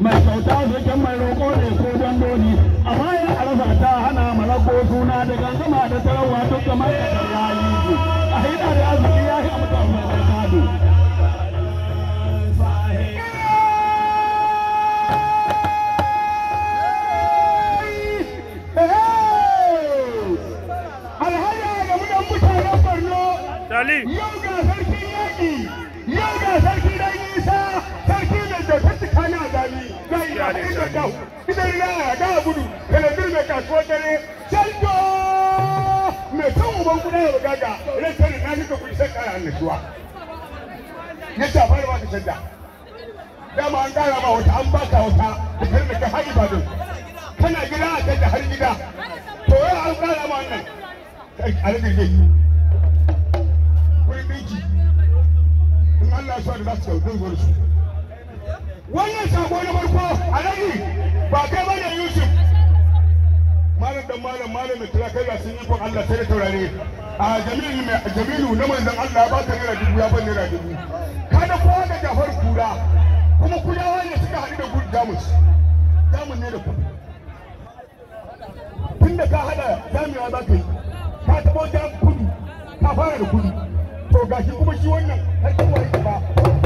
mai kyauta dokin mai roƙo ne ko dandoni a bayan arafa ta hana malako suna da gangama da tarawa duk kamar da yayi a hida da arziki ya yi amsa mai tsakado Yau ga sarki yaƙi, yau ga sarki dan isa, sarki da da ta tsakanin a ilaha illallah gidan rana ga gudu kalandir mai kasuwar dare canjo mai san uban kuɗa ya bugaga na kuɗi fara ba ka canja dama an ƙara ba wata an da har kana gida a canja har gida to an ma ɗinki in Allah ya so su su wannan sako na farko a alhaji ba kai ba bane yusuf malam dan malam malam da turakar kai sun yi kon allah sai da taurari. a jamilu mai jamilu na manzon allah ba ta naira dubu ya ban naira dubu kada kowa da jafar kura kuma kudawa ne suka haɗu da gudu jamus jamus ne da kudu tun da ka haɗa jami'a za ka yi ka taɓo kudu ka fara da kudu to gashi kuma shi wannan har kuma yi ba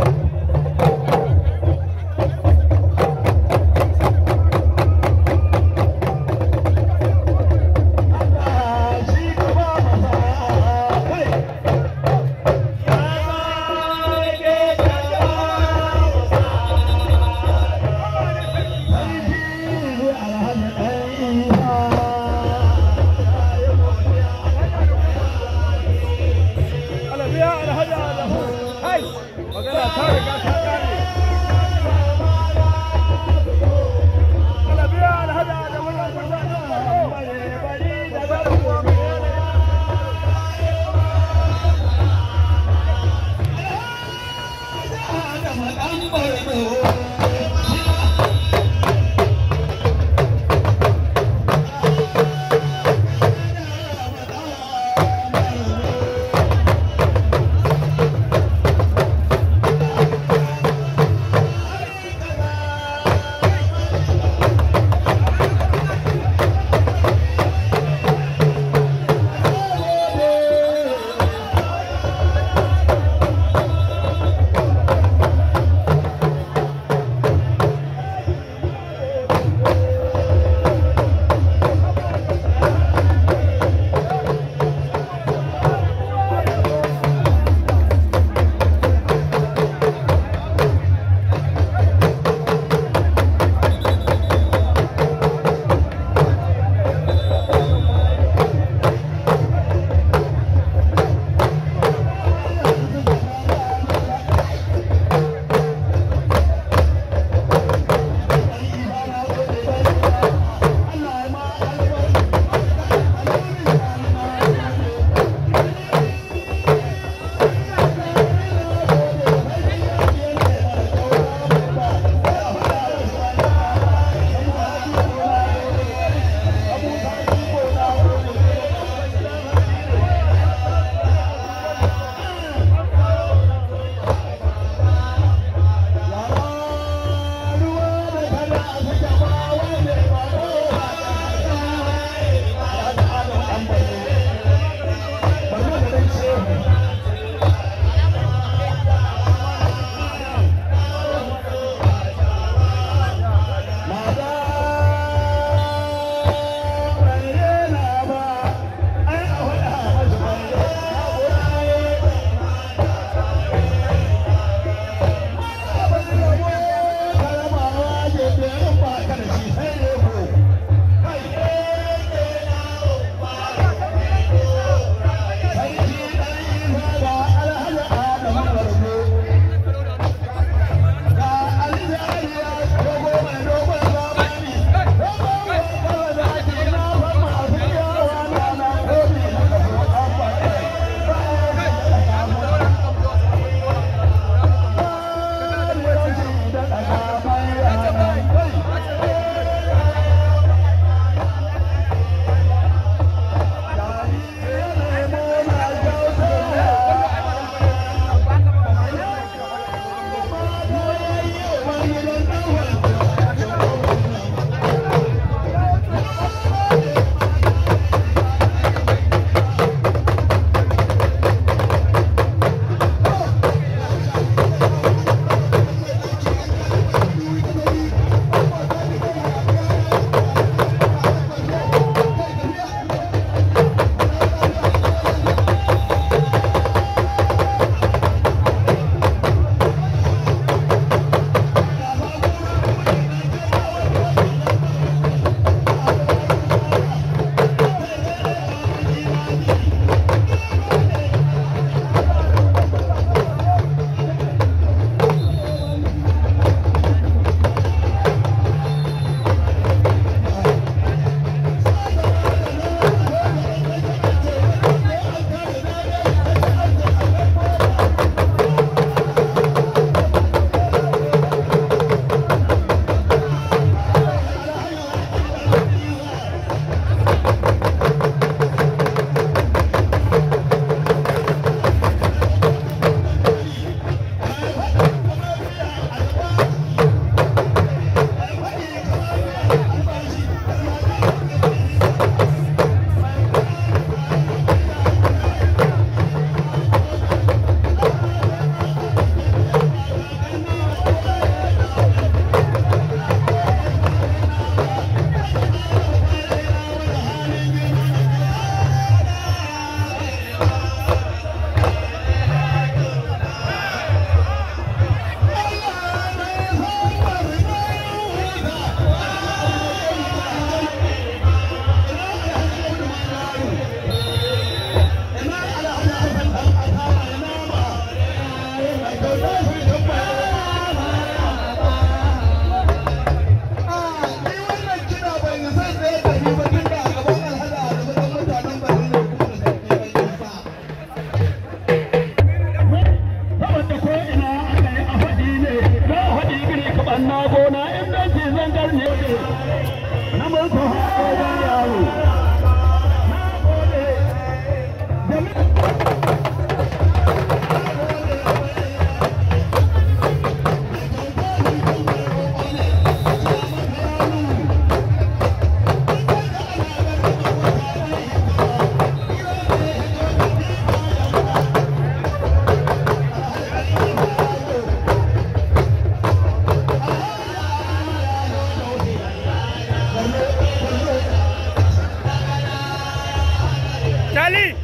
Dali!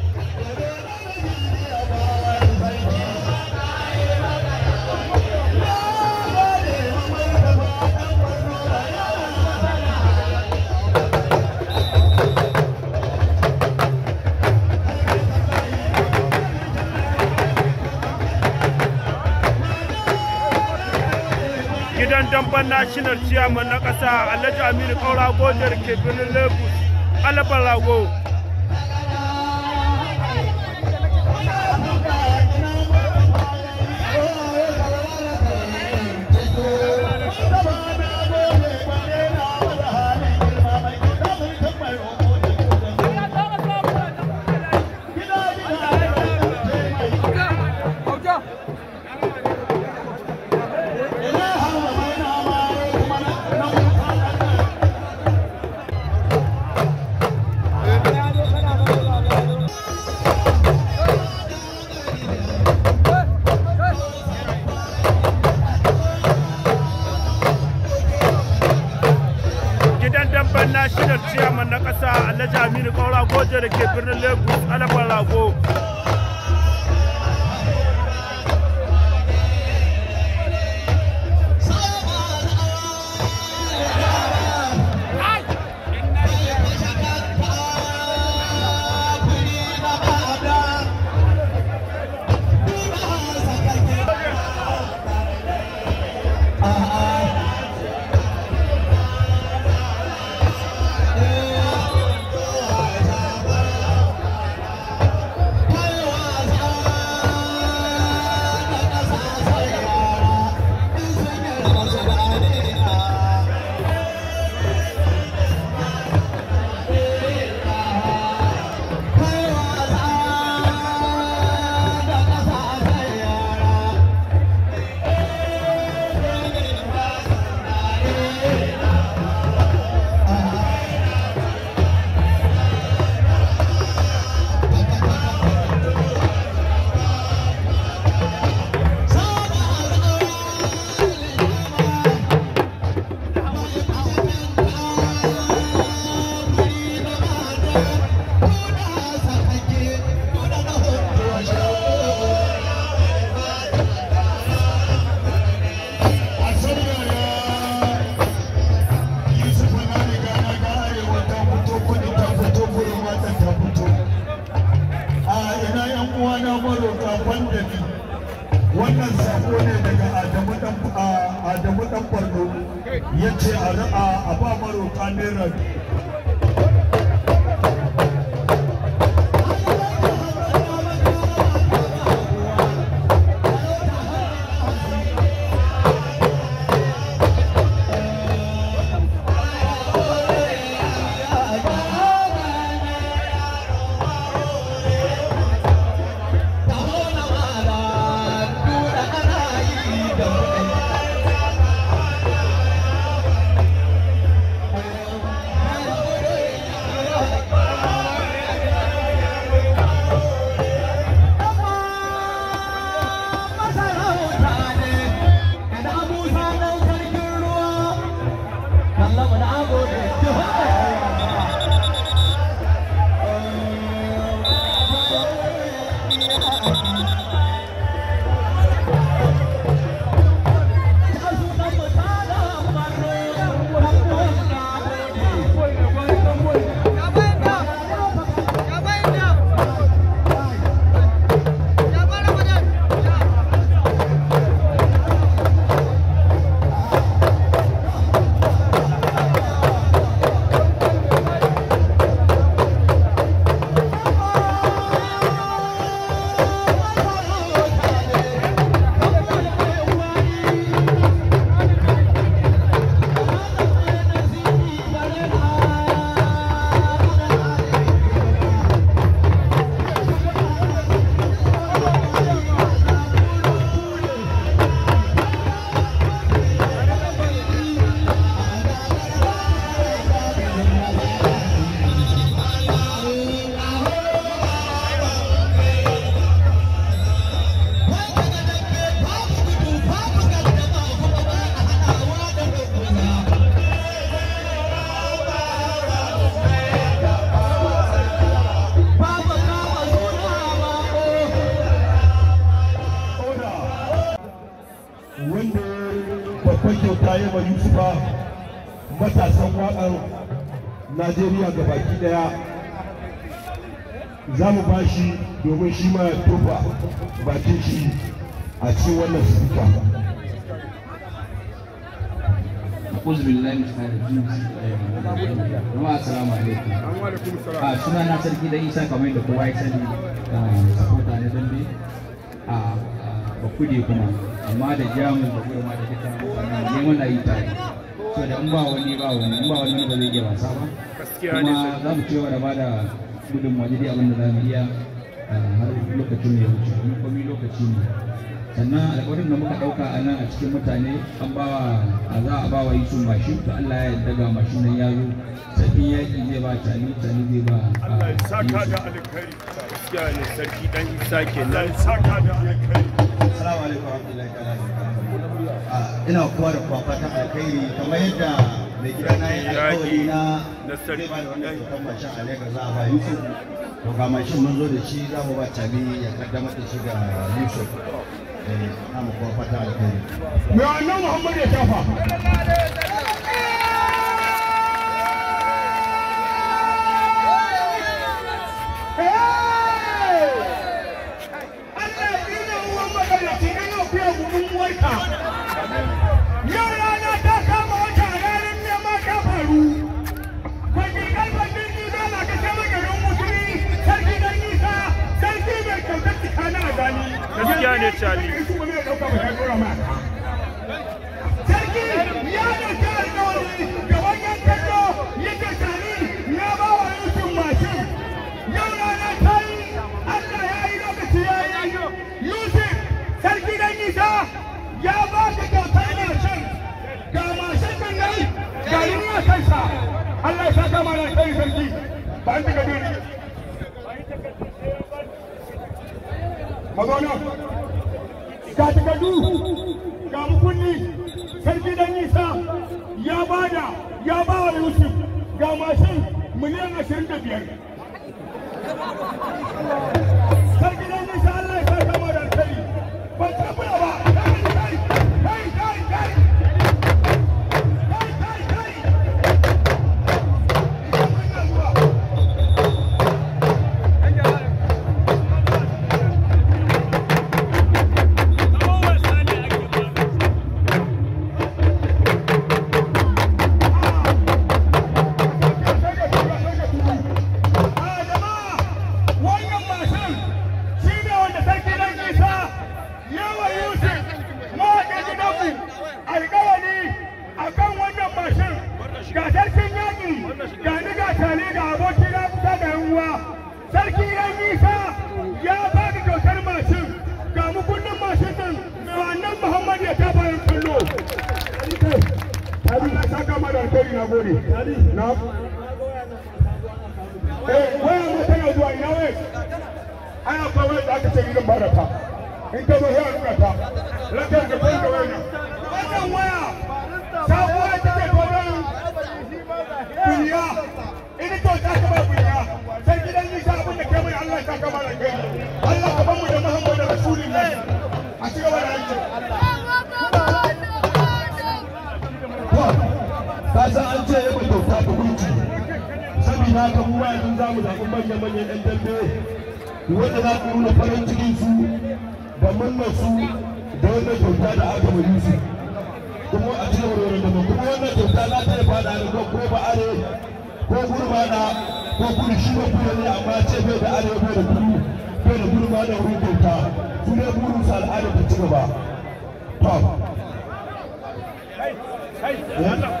gidan damban national chairman na ƙasa alhaji aminu kaura gojar ke birnin lagos babban national chairman na ƙasa alhaji aminu kaura goje da ke birnin lagos alaban rago daya za mu ba shi domin shi ma ya turba bakin shi a cikin wannan sifika أعوذ بالله من الشيطان الرجيم جماعة السلام عليكم سنة ناصر كده إيسا بي kuma amma da jamu da kuma da duka neman ayi tare so in ba wani ba wani in ba wani wasa ba kuma za mu cewa da bada gudun waje dai abin da za mu iya ah, har lokacin ya wuce mun komai lokaci ne sannan alƙawarin da muka ɗauka a nan a cikin mutane an bawa a za a yi sun mashin to Allah ya yarda ga mashin nan ya zo sarkin yaƙi zai ba tani tani zai ba ah, Allah ya saka da alkhairi gaskiya ne sarki dan isa saka da alaikum wa rahmatullahi wa barakatuh ah, ina kowa da kowa fatan alkhairi kamar yadda mai gida na yi na na sarki wannan a to ga mashin mun zo da shi za mu ba tabi ya kaddamar da shi ga Yusuf na eh, mu kuma fata alkhairi mai wannan Muhammad ya tafa Allah ina uwan magana ki ina fiye gudun gaskiya ne cali sarki ya ɗauki alƙawari ga ya bawa wa yankin mashin yau rana ta yi allah ya yi lokaci ya yi sarki dan nisa ya ba ka kyautar ga mashin ga wasansa allah na ka zo nan ga takardu ga bukunni sarki dan nisa ya bada ba wa yusuf ga mashin miliyan ashirin da biyar Ali na saka da na gode. Na. Eh, waya ma tana zuwa ina wai? Ai akwai wani da aka ce irin ba da ta. In ya nuna ta. Lakar da bai da wani. Wannan waya sabuwa ta Ina to ta saba duniya. Sai gidan ni sa da kai mai Allah ta kama da kai. Allah ka bamu da Muhammadu Rasulullahi. A cigaba da allah ka an ce ya kyauta ta kunci sabida ka mu yanzu za zamu zaɓi manya-manyan 'yan dambe wanda za ku nuna farin cikin su da murna su da wannan kyauta da aka mai su kuma a cikin wurin da kuma wannan kyauta za ta yi fada da ko ba are ko gurma da ko kudu shi ba ne amma ce bai da are ko da bai da gurma da wurin kyauta su ne burin sa al'ada ta ci gaba. Hey, hey,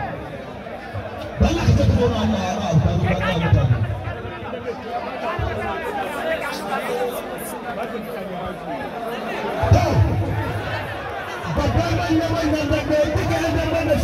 Allah ka tafi gona Allah ya ba amfani ba Allah mutane to manyan manyan dabbe duka yan